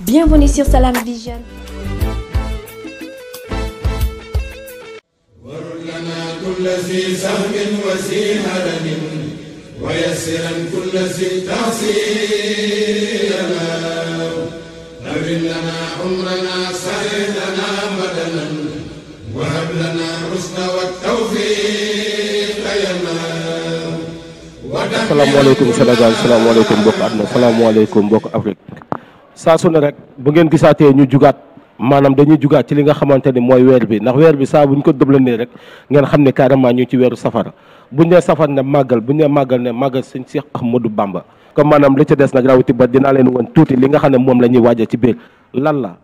Bienvenue sur Salam Vision. salaamaaleykum Sénégal salaamaaleykum mbokk àdduna salaamaaleykum mbokk Afrique saa su ne rek bu ngeen gisaatee ñu jugaat maanaam dañuy jugaat ci li nga xamante ni mooy weer bi ndax weer bi saa bu ñu ko dëblanee rek ngeen xam ne carrément ñu ci weeru safara buñ ne safar ne màggal buñ ne màggal ne màggal sëñ Cheikh Ahmadou Bamba comme maanaam li ca des nag rawati ba dinaa leen woon tuuti li nga xam ne moom la ñuy waaja ci biir lan la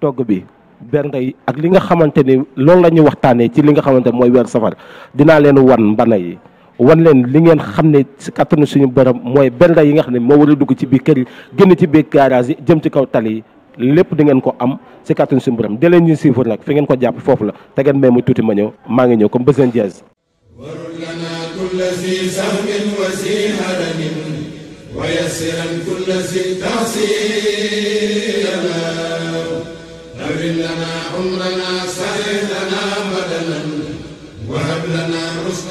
togg bi bernde yi ak li nga xamante ni loolu la ñuy waxtaanee ci li nga xamante ni mooy weer safar dinaa leen wan mbana yi wan leen li ngeen xam ne ci kattanu suñu borom mooy bernda yi nga xam ne moo war dugg ci biir kër yi génn ci biir garage yi jëm ci kaw tali yi lépp di ngeen ko am ci kattanu suñu borom de leen ñu suivre nag fi ngeen ko jàpp foofu la te ngeen may mu tuuti ma ñëw maa ngi ñëw comme besoin diaz warul lanaa kulla si sahmin wa si haramin wa yassiran kulla si taxsirana أبن لنا عمرنا سهل لنا بدنا وهب لنا الرشد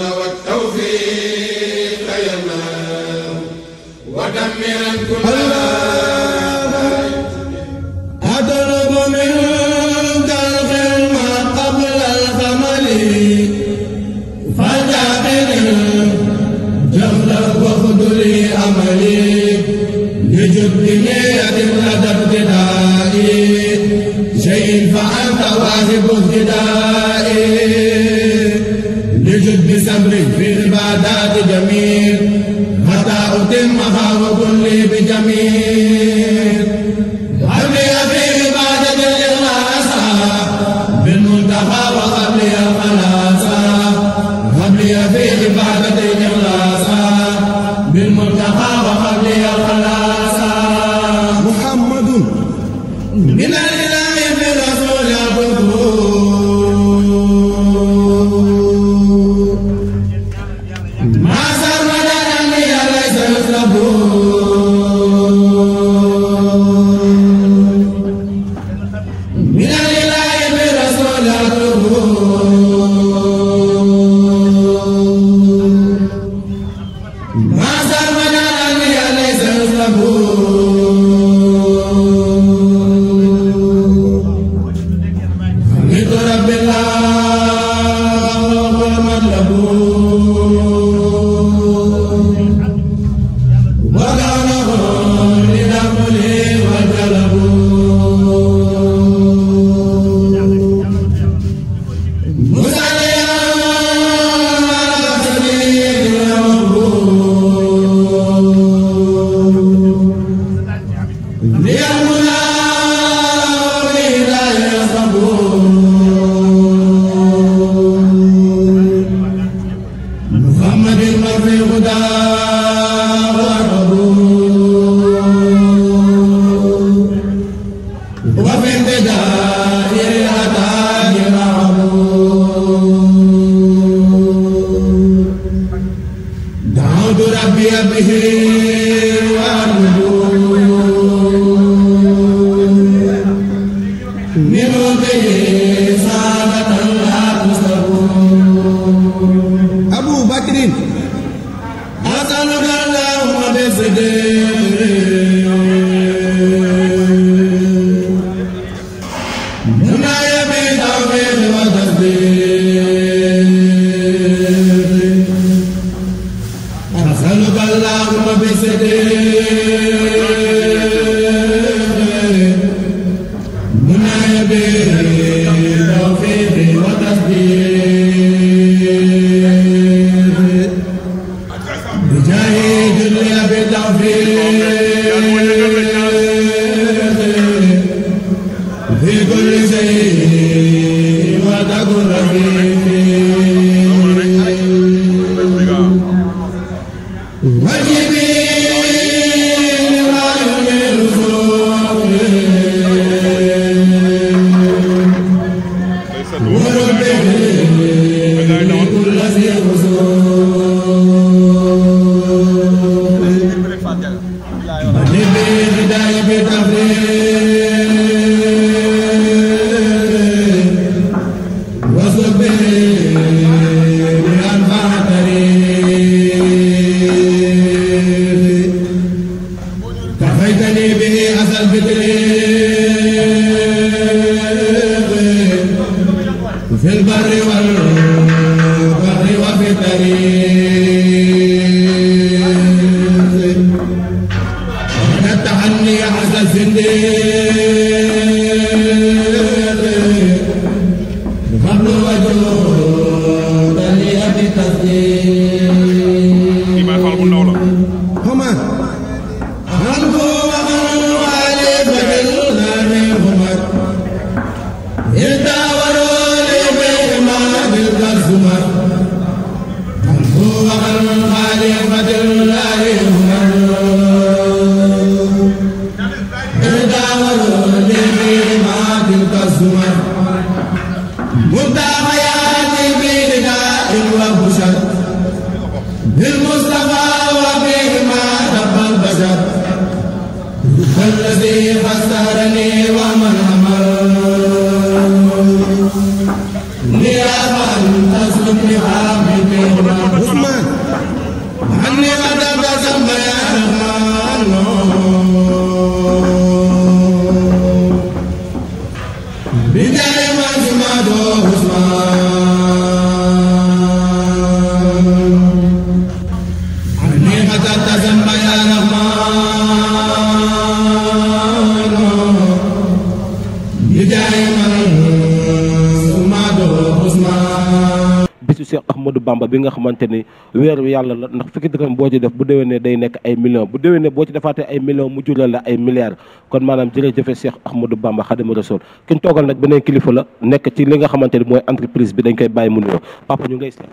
bi nga xamante ni weer wi yàlla la ndax fukki dërëm boo ci def bu déwénee day nekk ay millions bu déwénee boo ci defaatee ay millions mu jural la ay milliards kon maanaam jërëjëfe Cheikh Ahmadou Bamba Khadimou Rassoul ki ñu toogal nag beneen kilifa la nekk ci li nga xamante ni mooy entreprise bi dañ koy bàyyi mu nuyoo papa ñu ngay seet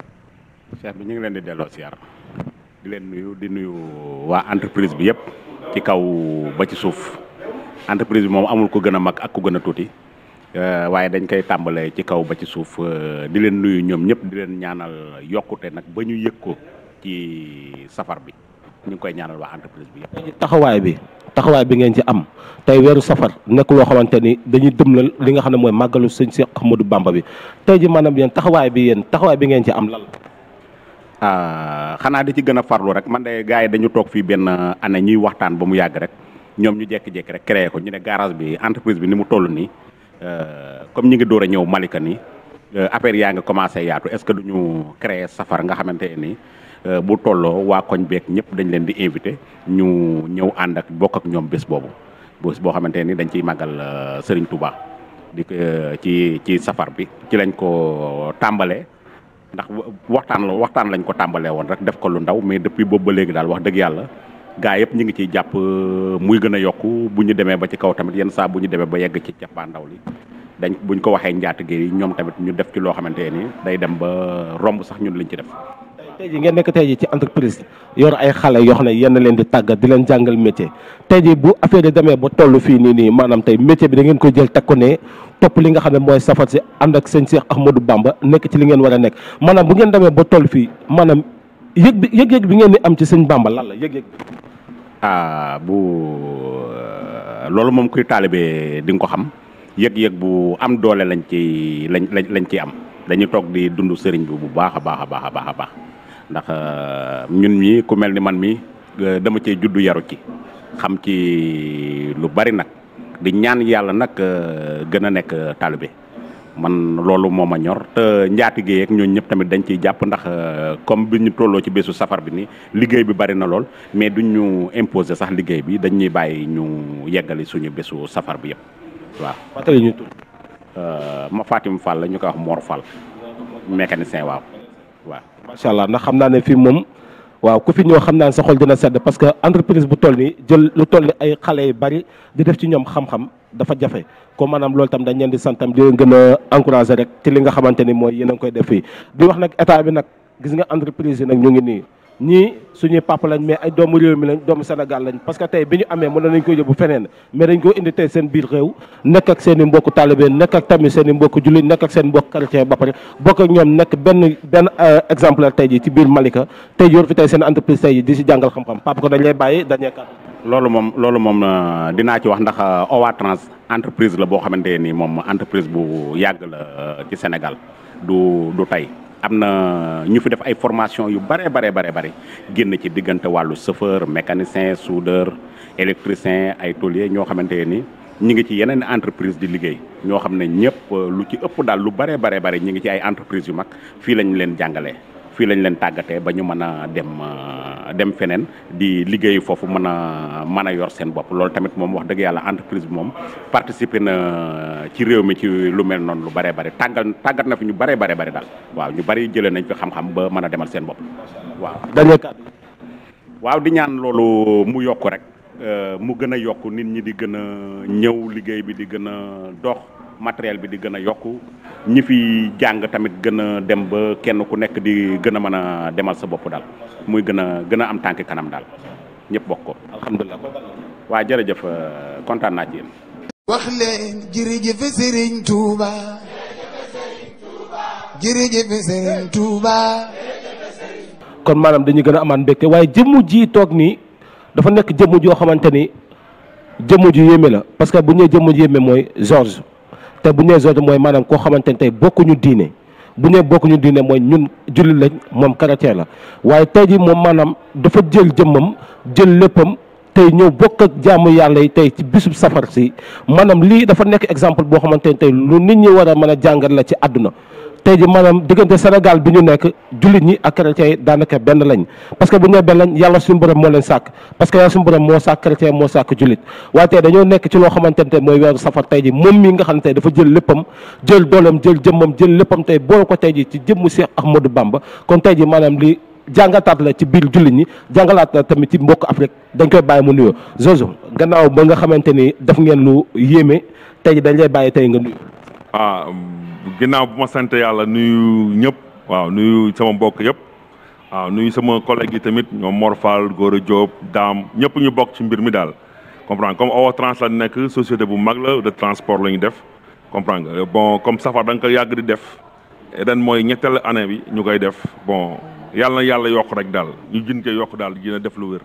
cheikh bi ñu ngi leen di delloo siyaar di leen nuyu di nuyu waa entreprise bi yëpp ci kaw ba ci suuf entreprise bi moom amul ko gën a mag ak gën a tuuti Euh, waaye dañ koy tàmbalee ci kaw ba ci suuf euh, di leen nuyu ñoom ñëpp di leen ñaanal yokkute nag ba ñu yëg ko ci safar bi ñu ngi koy ñaanal waa entreprise bi taxawaay bi taxawaay bi ngeen ci am tey weeru safar nekk loo xamante ni dañuy dëmlal li nga xam ne mooy màggalu sëñ Cheikh Ahmadou Bamba bi tey ji maanaam yéen taxawaay bi yéen taxawaay bi ngeen ci am lan ah, xanaa da ci gën a farlu rek man de gars yi dañu toog fii benn année ñuy waxtaan ba mu yàgg rek ñoom ñu jékki-jékki rek créé ko ñu ne garage bi entreprise bi ni mu toll nii. Euh, comme ñi ngi door a ñëw Malika nii euh, affaire yaa ngi commencé yaatu est-ce que du ñu créer safar nga xamante nii euh, bu tolloo waa koñ beeg ñëpp dañ leen di invité ñu ñëw ànd ak bokk ak ñoom bés boobu bés boo xamante ni dañ ciy magal Serigne Touba di ci ci safar bi ci lañ ko tàmbalee ndax waxtaan la waxtaan lañ ko tàmbalee woon rek def ko lu ndaw mais depuis boobu léegi daal wax dëgg yàlla. gaa yëpp ñu ngi ciy jàpp euh, muy gën a yokk bu ñu demee ba ci kaw tamit yenn saa bu ñu demee ba yegg ci cappaandaw li dañ ñu ko waxee njaatige yi ñoom tamit ñu def ci loo xamante ni day dem ba romb sax ñun lañ ci def. te jii ngeen nekk tey jii ci entreprise yor ay xale yoo xam ne yéen leen di tàggat di leen jàngal métier tey jii bu affaire demee ba toll fii nii nii maanaam tey métier bi dangeen ngeen koy jël teg ko ne topp li nga xam ne mooy safar si ànd ak sëñ Cheikh Ahmadou Bamba nekk ci li ngeen war a nekk maanaam bu ngeen demee ba toll fii maanaam yëg bi yëg-yëg ngeen di am ci sëñ Bamba lan la yëg Ah, bu euh, loolu moom kuy taalibe di nga ko xam yëg-yëg bu am doole lañ ci lañ lañ lañ ciy am dañuy toog di dundu sëriñ bi bu baax a baax a baax a baax a baax ndax euh, ñun ñi ku mel ni man mi euh, dama cee juddu yaru ci xam ci lu bari nag di ñaan yàlla nag gën a nekk taalibe man loolu moom a ñor te njaatige ak ñooñu ñëpp tamit dañ ci jàpp ndax euh, comme bi ñu tolloo ci bésu safar bi nii liggéey bi bari na lool mais duñ ñu imposer sax liggéey bi dañ ñuy bàyyi ñu yeggali suñu bésu safar bi yëpp waaw. fàttali ñu tur. Euh, ma Fatim Fall la ñu koy wax Mor Fall. mécanicien waaw. waaw macha allah ndax xam naa ne fii moom. waaw ku fi ñoo xam naa sa xol dina sedd parce que entreprise bu toll nii jël lu toll ay xale yu bari di def ci ñoom xam-xam. dafa jafe comme maanaam loolu tam dañ leen di sant tam di leen gën rek ci li nga xamante ni mooy yéen a ngi koy def fii di wax nag état bi nag gis nga entreprise yi nag ñu ngi nii ñii suñuy papa lañ mais ay doomu réew mi lañ doomu Sénégal lañ parce que tey bi ñu amee mën nañ ko yóbbu feneen mais dañ ko indi tey seen biir réew nekk ak seen i mbokku talibé nekk ak tamit seen i mbokku jullit nekk ak seen mbokku chrétien ba pare bokk ak ñoom nekk benn benn euh, exemplaire tey ji ci biir Malika tey yor fi tey seen entreprise tey di si jàngal xam-xam ko dañ lay bàyyi dañ lay loolu moom loolu moom euh, dinaa ci wax ndax euh, Owa Trans entreprise la boo xamante nii moom entreprise bu yàgg la euh, ci Sénégal du du tey am na ñu fi def ay formation yu bare bare bare bare génn ci diggante wàllu chauffeur mécanicien soudeur électricien ay tôlier ñoo xamante nii ñi ngi ci yeneen entreprise di liggéey ñoo xam ne ñëpp lu ci ëpp daal lu bare bare bare ñi ngi ci ay entreprise yu mag fii lañ leen jàngalee fii lañ leen tàggatee ba ñu mën a dem euh, dem feneen di liggéey foofu mën a mën a yor seen bopp loolu tamit moom wax dëgg yàlla entreprise bi moom participer na euh, ci réew mi ci lu mel noonu lu bëree bëri tàggal tàggat na fi ñu bëree bëri bëri daal waaw ñu bëri jëlee nañ fi xam-xam ba mën a demal seen bopp waaw. waaw di ñaan loolu mu yokk rek euh, mu gën a yokk nit ñi di gën a ñëw liggéey bi di gën a dox. matériel bi di gën a yokku ñi fi jàng tamit gën a dem ba kenn ku nekk di gën a mën a demal sa bopp daal muy gën a gën a am tànk kanam daal ñëpp bokk ko. alhamdulilah waa jërëjëf euh, kontaan naa ci yéen. wax kon maanam dañuy gën a amaan mbégte waaye jëmm ji toog nii dafa nekk jëmm joo xamante ni jëmm ju yéeme la parce que bu ñu nee jëmm ju yéeme mooy George. te bu ñu nee mooy maanaam koo xamante ne tey bokkuñu diine bu ñu nee bokkuñu diine mooy ñun jullit lañ moom karate la waaye tey ji moom maanaam dafa jël jëmmam jël léppam. tey ñëw bokk ak jàmm yàlla yi tey ci bisum safar si maanaam lii dafa nekk exemple boo xamante ne tey lu nit ñi war a mën a jàngal la ci àdduna tey ji maanaam diggante Sénégal bi ñu nekk jullit ñi ak chrétien daanaka benn lañ parce que bu ñu benn lañ yàlla suñu borom moo leen sàkk parce que yàlla suñu borom moo sàkk chrétien moo sàkk jullit waaye tey dañoo nekk ci loo xamante ne mooy weeru safar tey ji moom mii nga xam ne tey dafa jël léppam jël dooleem jël jëmmam jël léppam tey boole ko tey ji ci jëmm ak Cheikh Ahmadou Bamba kon tey ji maanaam li jàngataat la ci biir jullit ñi jàngalaat la tamit ci mbokk Afrique dañ koy bàyyi mu nuyoo Jojo gannaaw ba nga xamante ni def ngeen lu yéeme tey dañ lay bàyyi tey nga nuyu ah, um, ginnaaw bu ma sant yàlla nuyu ñëpp waaw nuyu sama mbokk yëpp waaw nuyu sama collègue yi tamit ñoom Mor Fall Gora Diop Dame ñëpp ñu bokk ci mbir mi daal comprendre comme Awa Trans la nekk société bu mag la de transport la ñu def comprendre bon comme safar da koy ko yàgg di def ren mooy ñetteel année bi ñu koy def bon yàlla na yàlla yokk rek daal ñu gën koy yokk daal dina def lu wér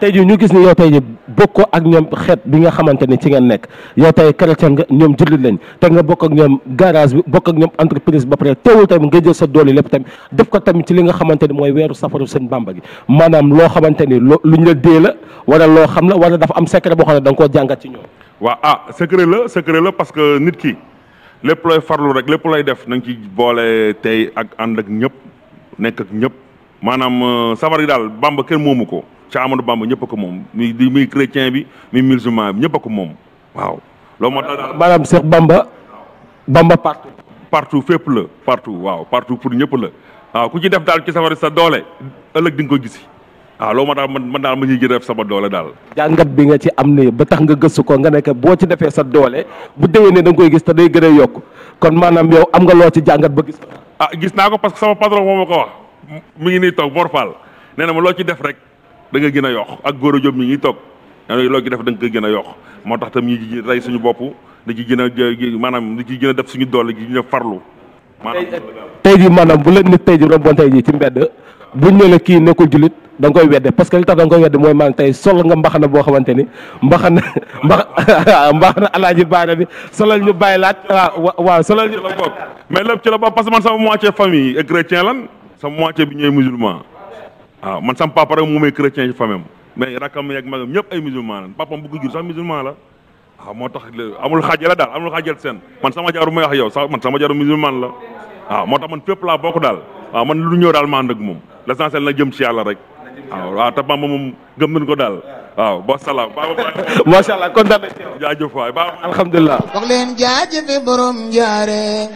tey jii ñu gis ni yow tey bokkoo ak ñoom xeet bi nga xamante ni ci ngeen nekk yow tey chrétien nga ñoom jullit lañ te nga bokk ak ñoom garage bi bokk ak ñoom entreprise ba pare teewul tamit nga jël sa doole lépp tamit def ko tamit ci li nga xamante ni mooy weeru safaru sëñ Bàmba gi maanaam loo xamante ni lu ñu la dee la wala loo xam la wala dafa am secret boo xam ne da ko koo jàngat ci ñoom. waaw ah secret la secret la parce que nit ki lépp looy farlu rek lépp looy def na ci boole tey ak ànd ak ñëpp nekk ñëpp maanaam euh, safar gi daal Bàmba moomu ko. Cheikh Amadou Bamba ñëpp ko moom muy muy chrétien bi muy musulman bi ñëpp a ko moom waaw. loolu moo tax maanaam seex Bamba Bamba partout. partout fépp la partout waaw partout pour ñëpp la waaw ku ci def daal ci safari sa doole ëllëg di nga ko gisi waaw loolu moo tax man man daal ma ciy def sama doole daal. jàngat bi nga ci am ne ba tax nga gëstu ko nga nekk boo ci defee sa doole bu déwénee ne nga koy gis te day gën a yokk kon maanaam yow am nga loo ci jàngat ba gis. ah gis naa ko parce que sama patron moo ko wax ngi nii toog Mor nee na ma loo ci def rek. da nga gën a yox ak góor a jom ñi ngi toog dañoo loo ci def gën a yox moo tax tam ñi ci suñu bopp da ci gën a maanaam da ci gën a def suñu doole gi ñu farlu maanaam tey ji maanaam bu leen nit tey ji romboon tey ji ci mbedd bu ne la kii ko julit da nga koy wedde parce que li tax da nga koy wedde mooy maanaam tey sol nga mbaxana boo xamante ni mbaxana mbax mbaxana alaaji baara bi solal ñu bàyyi laat ah, waaw waaw solal ñu la bokk mais lépp ci la bokk parce que man sama moitié famille lan sama moitié bi ñooy musulman waaw ah, man sam papa rek moo may chrétien ci famem mais rakkam yeeg magam ñëpp ay musulman lañ papam bu ko jur sax musulman la waaw ah, moo tax amul xaajale daal amul xaajal seen man sama jaru may wax yow sax man sama jaru musulman la waaw ah, moo tax man fépp laa bokk daal waaw man lu ñëw ma ànd ak moom l'essentiel na jëm ci rek waaw waaw te Bamba moom gëm nañ ko daal waaw ba salaam ba macha allah kontaan nañ jaajëf waay ba alhamdulilah wax leen jaajëfe borom jaare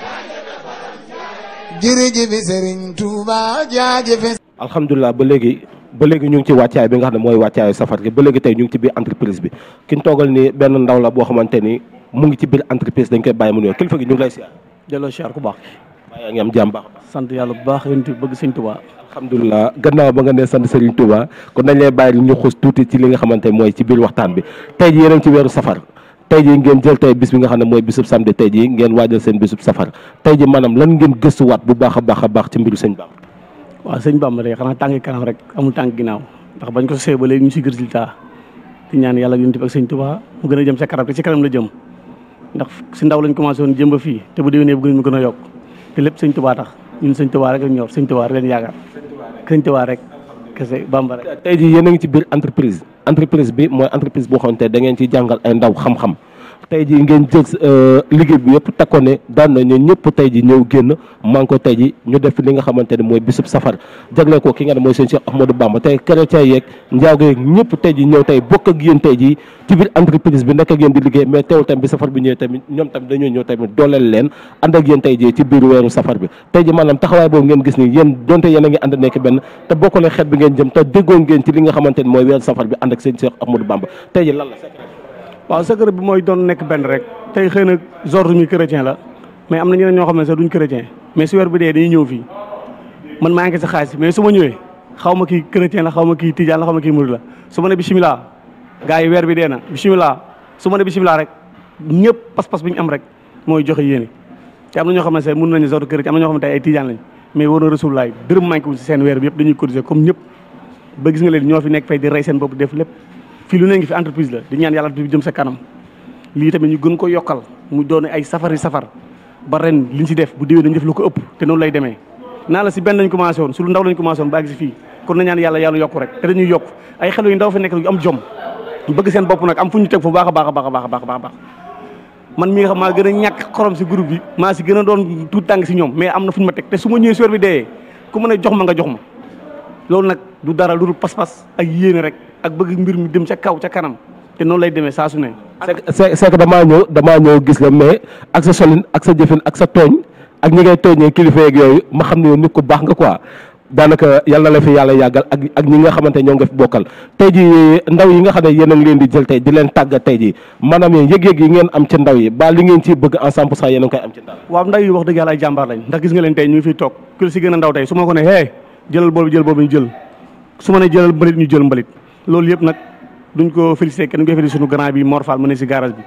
jërëjëfe alhamdulilah ba léegi ba léegi ñu ngi ci wàccaay bi nga xam ne mooy wàccaayu safar gi léegi tey ñu ngi ci biir entreprise toogal ni benn ndaw la boo xamante ni mu ngi ci biir entreprise dañ koy bàyyi mu ngi lay siyaar delloo siyaar ku am jàmm baax yàlla bu baax yéen bëgg sëñ Touba alhamdulilah gannaaw ba nga ne sant kon dañ lay bàyyi ñu ci li nga xamante mooy ci biir waxtaan bi tey ji ci weeru safar tey ji ngeen jël tey bis bi nga xam ne mooy bisub samedi tey ji ngeen waajal seen bisub safar tey ji maanaam lan ngeen gëstuwaat bu baax a baax a baax ci mbiru sëñ baax waaw sëñ Bamba de xanaa tànk kanam rek amul tànk ginnaaw ndax bañ ko sosee ba léegi si résultat di ñaan yàlla yonent bi ak sëñ Tuubaa mu gën a jëm sa kanam te ci kanam la jëm ndax si ndaw lañ commencé woon jëm ba fii te bu déwénee bu gën mu gën a yokk te lépp sëñ Tuubaa tax ñun sëñ Tuubaa rek ak ñor sëñ Tuubaa rek leen yaakaar sëñ Tuubaa rek kese Bamba tey jii yéen a ngi ci biir entreprise entreprise bi mooy entreprise boo xamante da ngeen ci jàngal ay ndaw xam-xam tey ji ngeen jël euh, liggéey bi yëpp takkoon ne daan na ñu ñëpp tey ji ñëw génn man ko tey ji ñu def li nga xamante ne mooy bisub safar jagle ko ki nga ne mooy seen Cheikh Ahmadou Bamba tey chrétien yeeg njaago yeeg ñëpp tey ji ñëw tey bokk ak yéen tey ji ci biir bi nekk ak yéen di liggéey mais teewul tamit bi safar bi ñëwee tamit ñoom tamit dañoo ñëw tamit dooleel leen ànd ak yéen tey ji ci biir weeru safar bi tey ji maanaam taxawaay boobu ngeen gis nii yéen donte yéen a ngi ànd nekk benn te bokkale xeet bi ngeen jëm te déggoo ngeen ci li nga xamante ne mooy weeru safar bi ànd ak seen Cheikh Ahmadou Bamba tey ji waaw secret bi mooy doon nekk benn rek te xëy na Georges mi chrétien la mais am na ñeneen ñoo xam ne sax duñ chrétien mais su weer bi dee dañuy ñëw fii man maa ngi sa xaalis mais su ma ñëwee xaw ma kii chrétien la xaw ma kii tijaan la xaw ma kii la su ma ne bisimilah gars yi weer bi dee na bisimilah su ma ne bisimilah rek ñëpp pas-pas bi ñu am rek mooy joxe yéene te am na ñoo xam ne sax mën nañu Georges chrétien am na ñoo xam ne tey ay tijaan lañ mais waroon rasulullaay dërëm manqué si seen weer bi yëpp dañuy cotiser comme ñëpp ba gis nga leen ñoo fi nekk fay di rey seen bopp def lépp fii lu ne ngi fi entreprise la di ñaan yàlla du jëm sa kanam lii tamit ñu gën ko yokkal mu doon ay safari safar ba ren liñ ci def bu déwee dañu def lu ko ëpp te noonu lay demee naa la si benn lañ commencé woon su lu ndaw lañ commencé woon ba fii kon na ñaan yàlla yàlla yokku rek te dañuy yokk ay xelu yu bëgg seen bopp nag am fu ñu teg fu baax a baax a baax a baax a baax man mi nga xam maa gën a ñàkk xorom si groupe bi maa si gën a doon tuut tàng si ñoom mais am na fu ñu ma teg te su ma ñëwee soeur bi deyee ku mën a jox ma nga jox ma loolu nag du dara lu dul pas ak yéene rek ak bëgg mbir mi dem ca kaw ca kanam te noonu lay demee saa su ne. c'est que damaa ñëw damaa ñëw gis la mais ak sa solin ak sa jëfin ak sa tooñ ak ñi ngay tooñee kilifa yeeg yooyu ma xam ne yow baax nga quoi daanaka yàlla la fi yàlla yàggal ak ak ñi nga xamante ñoo nga fi bokkal tey ji ndaw yi nga xam ne yéen a leen di jël tey di leen tàgg tey ji maanaam yéen yëg-yëg yi ngeen am ci ndaw yi ba li ngeen ci bëgg en sax pour cent yéen a ngi koy am ci ndaw waaw ndaw yi wax dëgg yàlla ay jàmbaar lañ ndax gis nga leen tey ñu ngi fiy toog ku si gën a ndaw tey su ma ko ne hee jëlal jël boobu ñu jël su ma ne jëlal mbalit ñu jël mbalit loolu yëpp nag duñ ko félicité kenn koy félicité suñu grand bi Mor Fall mu ne garage bi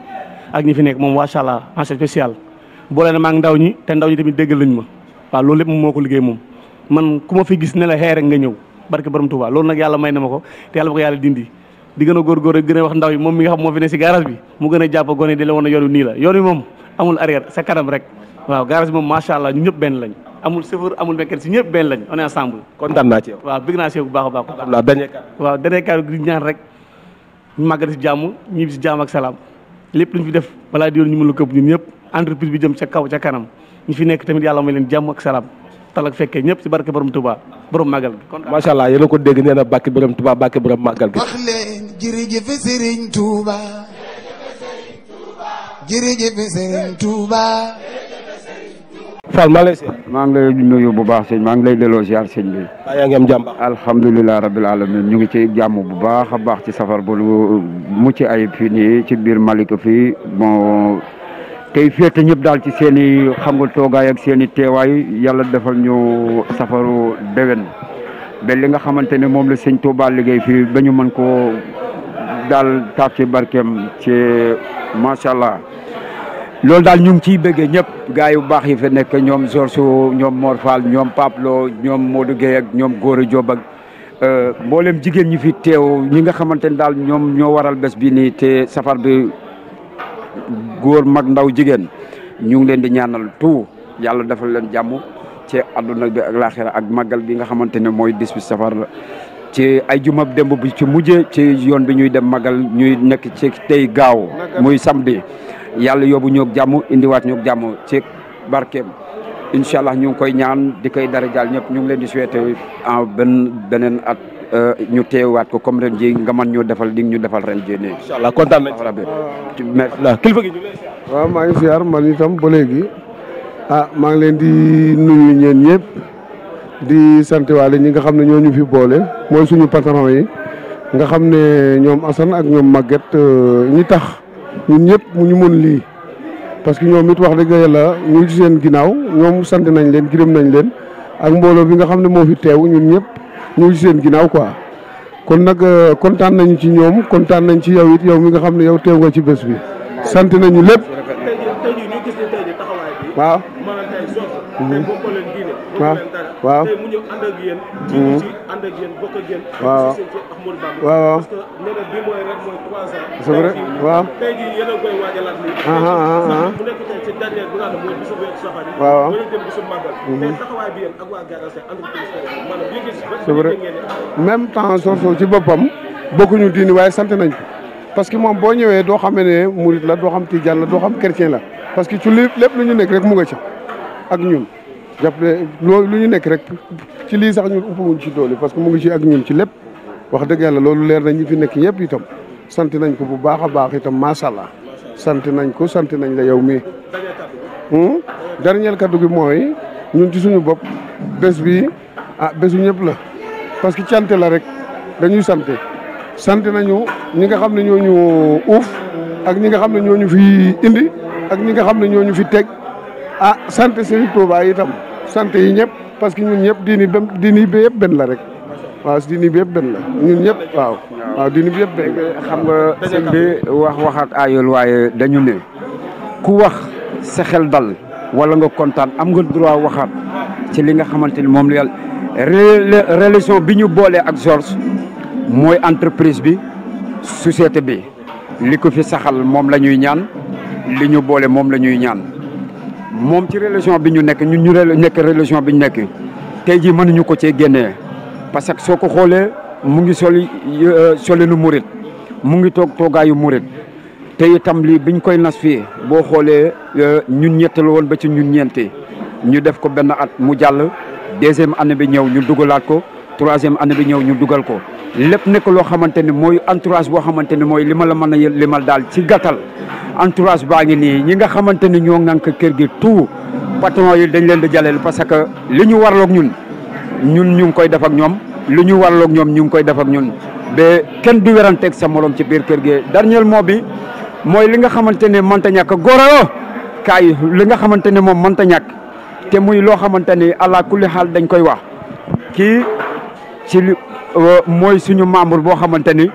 ak ñi fi nekk moom macha allah en spécial boole na ndaw ñi te ndaw ñi tamit dégg lañ ma waaw loolu lépp moom moo ko liggéey moom man ku ma fi gis ne la xee rek nga ñëw barke borom Touba loolu nag yàlla may na ma ko te yàlla ma ko yàlla dindi di gën a góorgóor rek gën wax ndaw yi moom mi nga xam moo fi ne si garage bi mu gën a jàpp gone di la woon a yoon wi nii la yoon wi moom moom macha allah ñëpp benn lañ amul chauffeur amul mécanicien ñëpp benn lañ on est ensemble. kontaan waaw bëgg naa ci baax a baax. alhamdulilah dernier waaw dernier cas di ñaan rek ñu ci jàmm ñibbi ci jàmm ak salaam lépp luñ fi def balaa di yoon ñu këpp ñun ñëpp entreprise bi jëm ca kaw ca kanam ñu fi nekk tamit yàlla may leen jàmm ak salaam talak fekkee ñëpp ci barke borom Touba borom màggal bi. macha allah yéen a ko dégg nee na bàkki borom Touba bàkki borom màggal bi. wax leen jërëjëf Serigne Fall maa lay siyaar. maa ngi lay nuyu bu baax sëñ maa ngi lay delloo ziar sëñ bi. waaw yaa ngi am jàmm. alhamdulilah rabil alamin ñu ngi ci jàmm bu baax a baax ci safar bu mucc ayib fii nii ci biir Malika fii bon tey féete ñëpp daal ci seen i xam nga toogaay ak seen i teewaay yàlla defal ñu safaru déwén. ba li nga xamante ne moom la sëñ Touba liggéey fii ba ñu mën koo daal taaf ci barkeem ci macha allah. loolu daal ñu ngi ciy bëggee ñëpp gars yu baax yi fi nekk ñoom Zorso ñoom Mor Fall ñoom Paplo ñoom Modou Gueye ak ñoom Gora Diop ak euh, mboolem jigéen ñi fi teew ñi nga xamante ne daal ñoom ñoo waral bés bi nii te safar bi góor mag ndaw jigéen ñu ngi leen di ñaanal tout yàlla defal leen jàmm ci àdduna bi ak laaxira ak màggal gi nga xamante ne mooy dis bi safar la ci ay jumab démb bi ci mujjee ci yoon bi ñuy dem màggal ñuy nekk ci tey gaaw muy samedi yàlla yóbbu ñoog jàmm indiwaat ñoog jàmm ci barkeem incha allah ñu ngi koy ñaan di koy dara jaal ñëpp ñu ngi leen di souhaiter en beneen at euh, ñu teewaat ko comme ren ji nga mën ñoo defal di ñu defal ren jii. incha allah kontaan nañ ci merci kilifa gi ñu waaw maa ngi siyaar man itam ba léegi ah maa ngi leen di nuyu ñeen ñëpp di sant waale ñi nga xam ne ñooñu fi boole mooy suñu patron yi nga xam ne ñoom Assane ak ñoom Maguette euh, ñi tax. ñun ñëpp mu ñu mën lii parce que ñoom it wax dëgg yàlla ñu ci seen ginnaaw ñoom sant nañ leen gërëm nañ leen ak mbooloo bi nga xam ne moo fi teew ñun ñëpp ñu ci seen ginnaaw quoi kon nag euh, kontaan nañu ci ñoom kontaan nañ ci yow it yow mi nga xam ne yow teew nga ci bés bi sant nañu lépp waaw maanaam tey sos mhm. tey bokkoo leen diine waaw waaw tey mu ñëw ànd ak yéen ci mhm. ci ànd ak yéen bokk ak yéen waaw ci Ahmadou Bamba waaw parce que nee na bi mooy rek mooy trois ans c'est vrai waaw tey jii yéen a koy waajalaat nii ah, ah, ah, mu nekk tey ci dernier bi nga xam ne mooy bisu weeru safar yi waaw mooy dem bisu màggal mhm. tey taxawaay bi yéen ak waa garage ànd ak maanaam yëgis c'est vrai même temps Soso ci boppam bokkuñu diine waaye sant nañ ko parce que moom boo ñëwee doo xamee ne murit la doo xam tijaan la doo xam chrétien la parce que ci lépp lu ñu nekk rek mu nga ca ak ñun jàppale loolu lu ñu nekk rek ci lii sax ñun ëppawuñ ci doole parce que mu ngi ci ak ñun ci lépp wax dëgg yàlla loolu leer na ñi fi nekk yëpp itam santi nañ ko bu baax a baax itam macha allah sant nañ ko sant nañ la yow mii. Hmm? dernier kaddu gi mooy ñun ci suñu bopp bés bi ah bésu ñëpp la parce que cante la rek dañuy sante sant nañu ñi nga xam ne ñooñu ñu uuf ak ñi nga xam ne ñooñu fi indi ak ñi nga xam ne ñoo ñu fi teg ah sant Serigne Touba itam sant yi ñëpp parce que ñun ñëpp diini ba diini bi yëpp benn la rek waaw diini bi yëpp benn la ñun ñëpp waaw. waaw diini yëpp benn xam nga sëñ bi wax waxaat ayol waaye dañu ne ku wax sa xel dal wala nga kontaan am nga droit waxaat ci li nga xamante ni moom la yàlla relation bi ñu boolee ak George. mooy entreprise bi société bi li ko fi saxal moom la ñuy ñaan li ñu boole moom la ñuy ñaan moom ci religion bi ñu nekk ñun ñu nekk religion bi ñu nekk tey jii mënuñu ko cee génnee parce que soo ko xoolee mu ngi soli euh, solinu murit mu ngi toog toogaayu murit tey itam lii biñ koy nas fii boo xoolee euh, ñun ñett woon ba ci ñu ñeenti ñu def ko benn at mu jàll deuxième année bi ñëw ñu dugalaat ko troisième année bi ñëw ñu dugal ko lépp nekk loo xamante ni mooy entourage boo xamante ni mooy li ma la mën a limal daal ci gàttal entourage baa ngi nii ñi nga xamante ni ñoo ŋànk kër gi tout patron yi dañ leen di jaleel parce que li ñu warloog ñun ñun ñu ngi koy def ak ñoom li ñu warloog ñoom ñu ngi koy def ñun ba kenn du weranteeg sa morom ci biir kër gi dernier moo bi mooy li nga xamante ne mënta ñàkk góoraloo kaay li nga xamante ne moom mënta ñàkk te muy loo xamante ni ala kulli xaal dañ koy wax kii ci li mooy suñu membre boo xamante ni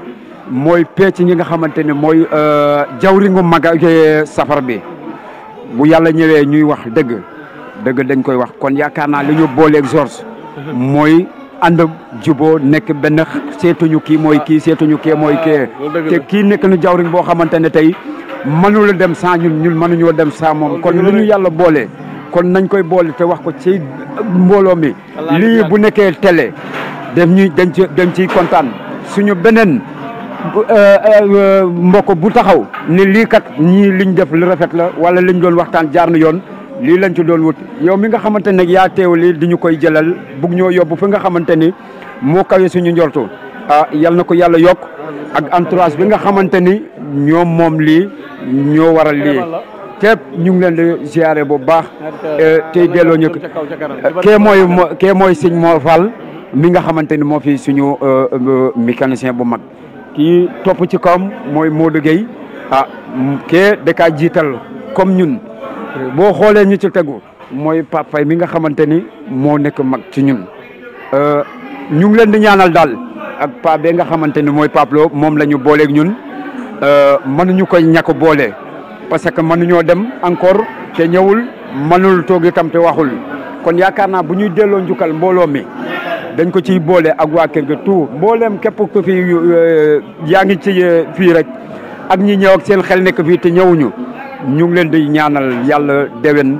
mooy pecc ñi nga xamante ni mooy euh, jawringu maga euh, safar bi bu yàlla ñëwee ñuy wax dëgg dëgg dañ koy wax kon yaakaar naa li ñu booleeg Georges mooy ànd juboo nekk benn seetuñu kii mooy kii seetuñu kii mooy kii ah, te kii nekk nu jawriñ boo xamante ne tey mënula dem sans ñun ñun mënuñoo dem sans moom kon lu yàlla boolee kon nañ koy boole te wax ko ci mbooloo mi lii bu nekkee télé dem ñuy dañ ci kontaan suñu beneen euh, euh, euh, mbokk bu taxaw ni lii kat ñii liñ def lu rafet la wala liñ doon waxtaan jaar na yoon lii lañ ci doon wut yow mi nga xamante ne yaa teew lii di ñu koy jëlal bugg ñoo yóbbu fi nga xamante ni moo kawe suñu njortu a ah, yal na ko yàlla yokk ak entourage bi nga xamante ni ñoom moom lii ñoo waral lii képp ñu ngi leen di ziare bu baax eh, tey delloo ñu kee mooy kee mooy sëñ moo mi nga xamante ni moo fi suñu eh, eh, mécanicien bu mag ki topp ci kawam mooy moo Gueye ah kee da kaa jiital comme ñun boo xoolee ñu ci tegu mooy papay mi nga xamante ni moo nekk mag ci ñun ñu ngi leen di ñaanal daal ak pa bee nga xamante ni mooy paplo moom la ñu booleeg ñun mënuñu koy ñàkk boole parce que ñoo dem encore te ñëwul mënul toog itam te waxul kon yaakaar naa bu ñuy delloo njukkal mbooloo mi dañ ko ciy boole ak waa kër gi tout mbooleem képp ku fi euh, yaa ngi ci euh, fii rek ak ñi ñëw ak seen xel nekk fii te ñëwuñu ñu di ñaanal yàlla déwén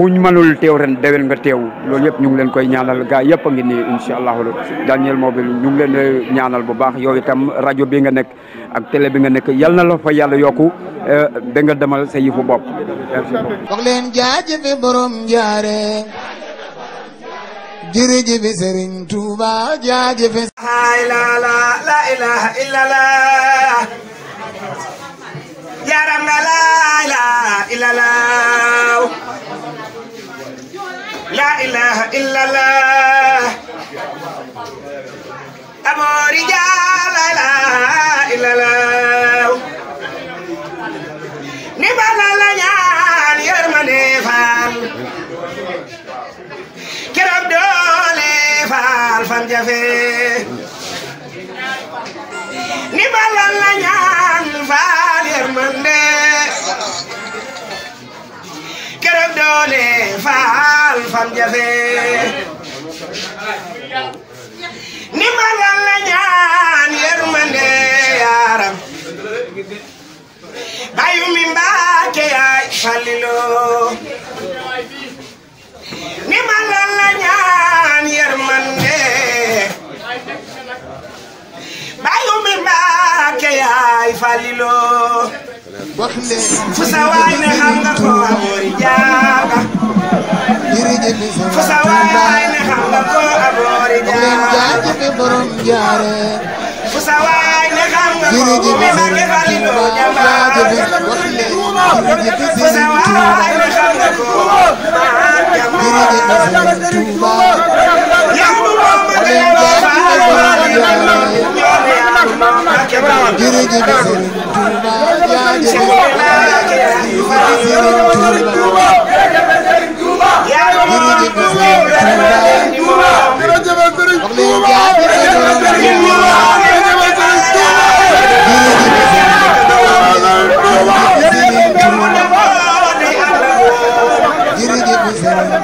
kuñ mënul teew ren déwén nga teew loolu yëpp ñu ngi leen koy ñaanal gaa yëpp a ngi nii incha allahu Daniel Mobile ñu ngi leen ñaanal bu baax yow itam rajo bi nga nekk ak télé bi nga nekk yal na la fa yàlla yokku da eh, nga demal sa yëfu bopp. wax leen jaajëfe borom jaare jërëjëfe laa ilaaha لا إله إلا الله أبو رجال لا إله إلا الله نبالا لنيان يرمني فال كرب دولي فال فانجفي نبالا لنيان فال يرمني keroog doole faal fam jafe ni ma lan la ñaan yërmande yaaram bayu mi mbaake yaay fallilo ni ma lan la ñaan yërmande bayu mi mbaake yaay fallilo fu sa waay ne xam nga ko abori jaaga fu sa waay ne xam nga ko abori jaaga fu sa waay ne xam nga ko umi Mbàkke Falilu jambaar fu sa waay ne xam nga ko maa jambaar